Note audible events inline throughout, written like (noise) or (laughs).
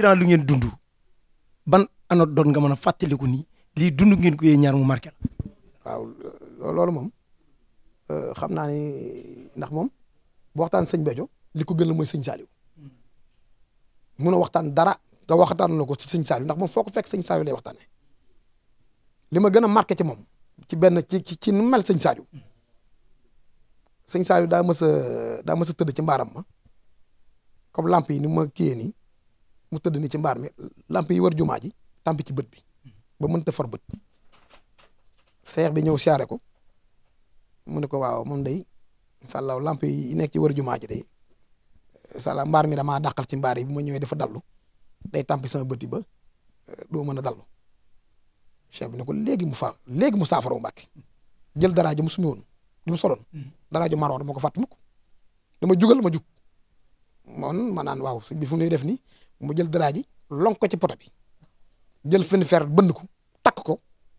durant lu ngeen dund ban anot doon nga mën a fàttaliku nii lii dund ngeen ko yee ñaar mu marqué la. waaw loolu moom euh, xam naa ni ndax moom bu waxtaan sëñ Béthio li ko gën la mooy sëñ Saliou mun a waxtaan dara te waxtaan la ko si sëñ Saliou ndax moom foo ko fekk sëñ Saliou lay waxtaane li ma gën a marqué ci moom ci benn ci ci ci nu mel sëñ Saliou sëñ Saliou daa mës a daa mësa tëdd ci mbaaram ma comme lamp yi ni ma kiiyee nii mu tëdd ni ci mbaar mi lamp yi war jumaa ji tàmp ci bët bi ba mënta for bët seex bi ñëw siyaare ko mu ne ko waaw mun day sàllaaw lamp yi nekk ci war jumaa ji day sàllaaw mbaar mi damaa dàqal ci mbaar yi bu ma ñëwee dafa dallu day tàmpi sama bët yi ba euh, doo mën a dallu cheikh bi ne ko léegi mu fa léegi mu saafara mbàkke jël dara ji mu sumi woon li mu soloon mm. dara ji maroon dama ko fàtt mukk dama jugal ma jug man ma naan waaw bi fu mu def nii mu jël daraa ji lonk ko ci poto bi jël fenn fer bënd ko takk ko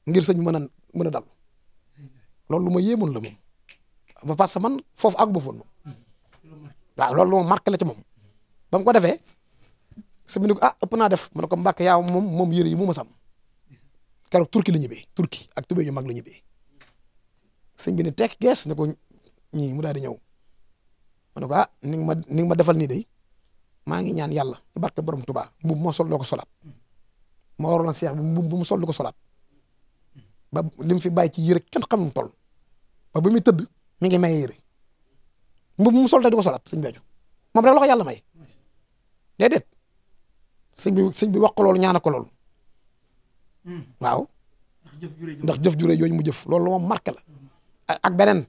ngir sëñ mën a mën a dal loolu lu ma yéemoon la moom ba parce que man foofu àggu ma foon moom loolu lu ma marqué la ci moom ba mu ko defee sëñ ko ah ëpp naa def mu ne ko mbàkk yaa moom moom yëre yi mu ma sam keroog turki la ñibbee turki ak tubéy yu mag la ñibbee sëñ bi ne tekk gees ne ko ñi mu daal di ñëw mu ko ah ni nga ma ni nga ma defal nii de. maa ngi ñaan yàlla ci barke borom Tuubaa mbubb moo sol doo ko moo waroon a seex bi mbubb bu mu sol du ko solaat ba li mu fi bàyyi ci yére kenn xam mu toll ba bu muy tëdd mi ngi maye yére mbubb mu sol tey du ko solaat sëñ beeju moom rek la ko yàlla may déedéet sëñ bi sëñ bi wax ko loolu ñaan ko loolu waaw ndax jëf jure yooyu mu jëf loolu moom marqué la ak beneen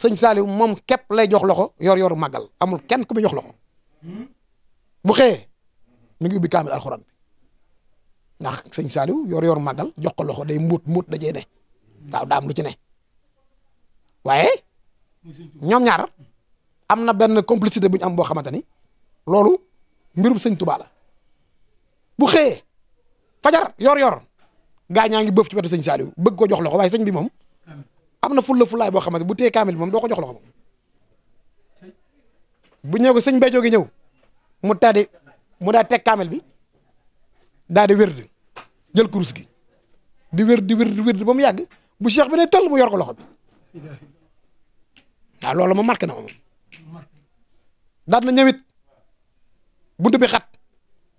sëñ Saliou moom képp lay jox loxo yor-yoru màggal amul kenn ku muy jox loxo. bu xëyee mu ngi ubbi kaamil alxuraan bi ndax sëñ Saliou yor-yor màggal jox ko loxo day mbuut mbuut dajee ne daaw daam lu ci ne waaye ñoom ñaar am na benn complicité bu ñu am boo xamante ni loolu mbirum sëñ Touba la bu xëyee fajar yor-yor gaa ñaa ngi bëf ci wetu sëñ Saliou bëgg ko jox loxo waaye sëñ bi moom am na fulla fullaay boo xamante bu téye kaamil bi moom doo ko jox loxo moom. bu ñëw ko sëñ Béthio gi ñëw mu tàddi mu daa teg kaamel bi daa di wérd jël kurus gi di wérd di wérd wérd ba mu yàgg bu cheikh bi ne toll mu yor ko loxo bi waaw loolu ma marqué na ma moom daan na ñëwit bunt bi xat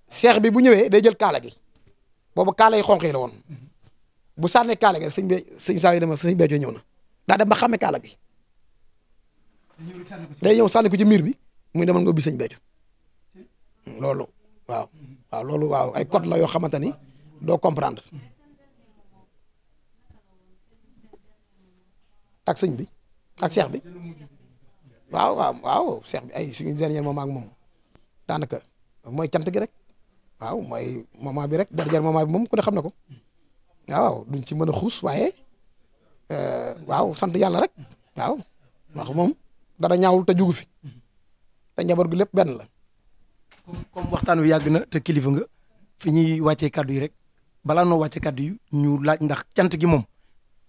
cheikh bi bu ñëwee day jël kaala gi boobu kaala yi xonq yi la woon bu sànnee kaala gi sëñ bi sëñ saa yi dama sëñ Béthio ñëw na daa dem ba kaala gi day ñëw sànni ko ci miir bi muy demal nga ubbi sëñ Béthio loolu waaw waaw loolu waaw ay code la yoo xamante ni doo comprendre ak sëñ bi ak seex bi waaw waaw waaw seex bi ay suñu dernier moment moom daanaka mooy cant gi rek waaaw mooy moment bi rek dernier moment bi moom ku ne xam na ko waaw duñ ci mën a xuus waaye euh, waaw sant yàlla rek waaw moom dara ñaawul te jugu fi te njaboot gu lépp benn la. comme waxtaan wi yàgg na te kilifa nga fi ñuy wàccee kaddu yi rek balaa noo wàccee kaddu yi ñu laaj ndax cant gi moom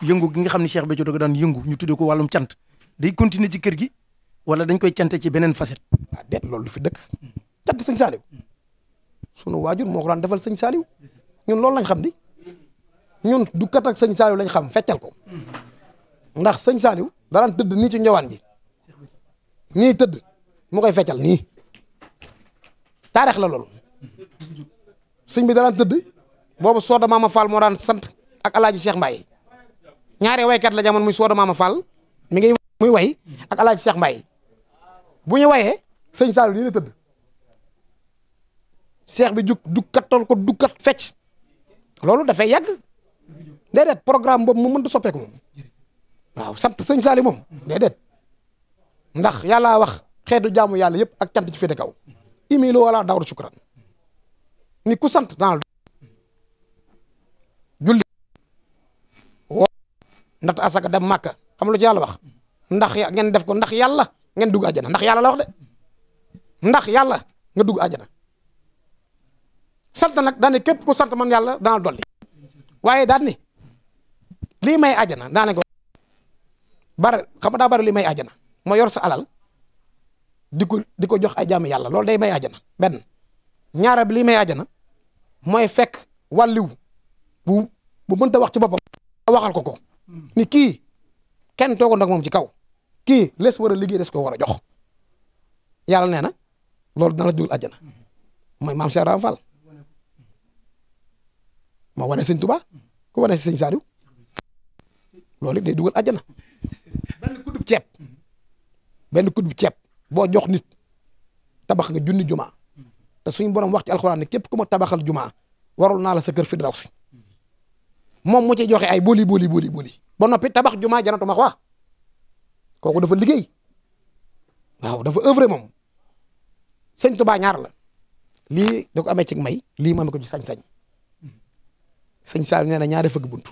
yëngu gi nga xam ne Cheikh Béthio da ko daan yëngu ñu tudde ko wàllum cant day continuer ci kër gi wala dañ koy cante ci beneen facette. waaw ah, déet loolu fi dëkk cant sëñ Saliou sunu waajur moo ko daan defal sëñ Saliou ñun loolu lañ xam di ñun du kat ak sëñ Saliou lañ xam feccal ko ndax sëñ Saliou daan tëdd nii ci njawaan ji mu koy feccal nii taarix la loolu sëñ bi daan tëdd boobu Sooda Maama Fall moo daan sant ak El Hadj Cheikh Mbaye ñaari waykat la jamono muy Sooda Maama Fall mi ngi muy way ak El seex mbay bu ñu wayee sëñ Sall nii la tëdd Cheikh bi jug dukkat tool ko dukkat fecc loolu dafay yàgg déedéet programme boobu mu mënut soppeeku moom waaw sant sëñ saali moom déedéet ndax yàlla wax. xeetu jaamu yàlla yëpp ak cant ci féete kaw imilu wala dawru sukran ni ku sant naal julli wo nat asaka dem màkka xam lu ci yàlla wax ndax ngeen def ko ndax yàlla ngeen dugg àjjana ndax yàlla la wax de ndax yàlla nga dugg àjjana sant nag daane képp ku sant man yàlla dana dolli waaye daan ni lii may àjjana daane ko bare xam daa bare li may àjjana moo yor sa alal di di ko jox ay jaamu yàlla loolu day may ajana benn ñaara bi liy may ajana mooy fekk wàlliw bu bu mënta wax ci boppam waxal ko ko hmm. ni kii kenn toogoon nag moom ci kaw kii les war a liggéey des ko war a jox yàlla nee na loolu dana la jugal ajana hmm. mooy maam Cheikh Ibra moo wane sëñ Tuubaa ku wane si sëñ Saaliw loolu it day dugal ajana (laughs) benn kuddub ceeb hmm. benn kuddub ceeb boo jox nit tabax nga junni juma te suñu borom wax ci alxuraan ne képp ku ma tabaxal jumaa warul naa la sa kër Firdawsi moom mu ci joxe ay boli boli boli ba noppi tabax jumaa janatu ma wax kooku dafa liggéey waaw dafa œuvre moom sëñ Tuubaa ñaar la lii da amee ci may lii ma amee ko ci sañ-sañ sëñ Saalum nee na ñaare fëgg buntu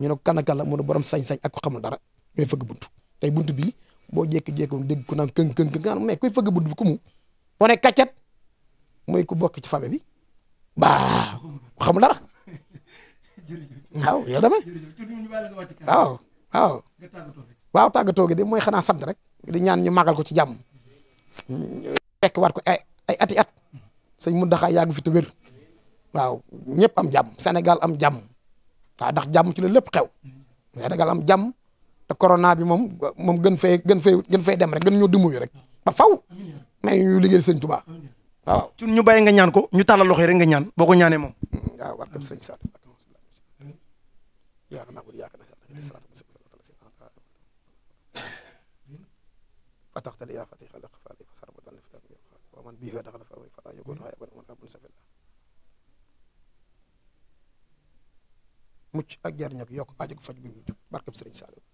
ñu ne ko la mu ne borom sañ-sañ ako ko xamul dara ñooy fëgg buntu tey buntu bii boo jékki-jékki dégg ku naan këng këng këng nga mais kuy fëgg bunt bi ku mu wane kàccat mooy ku bokk ci famille bi baa xamul dara waaw yow dama waaw waaw waaw tàggatoo gi de mooy xanaa sant rek di ñaan ñu màggal ko ci jàmm fekk waat ko ay ay ati at sëñ mun daxaa yàgg fi te wér waaw ñëpp am jàmm senegal am jàmm waaw ndax jàmm ci la lépp xew Sénégal am jàmm te corona bi moom moom gën fay gën fay gën fay dem rek gën ñoo dimbali rek ba faw may ñu liggéey sëñ Tuubaa suñ ñu bay nga ñaan ko ñu tàllal loxo rek nga ñaan boo ko ñaanee moom. waaw war na sëñ Saaliw yaakaar naa ko yaakaar naa sax فتحت لي فتي خلق فالي فصار بدن فتن ومن به دخل فمن فلا يكون هاي بن من ابن سبيل mucc ak jar ñak yokk aju faj bi mu jub barkeb Serigne Saliou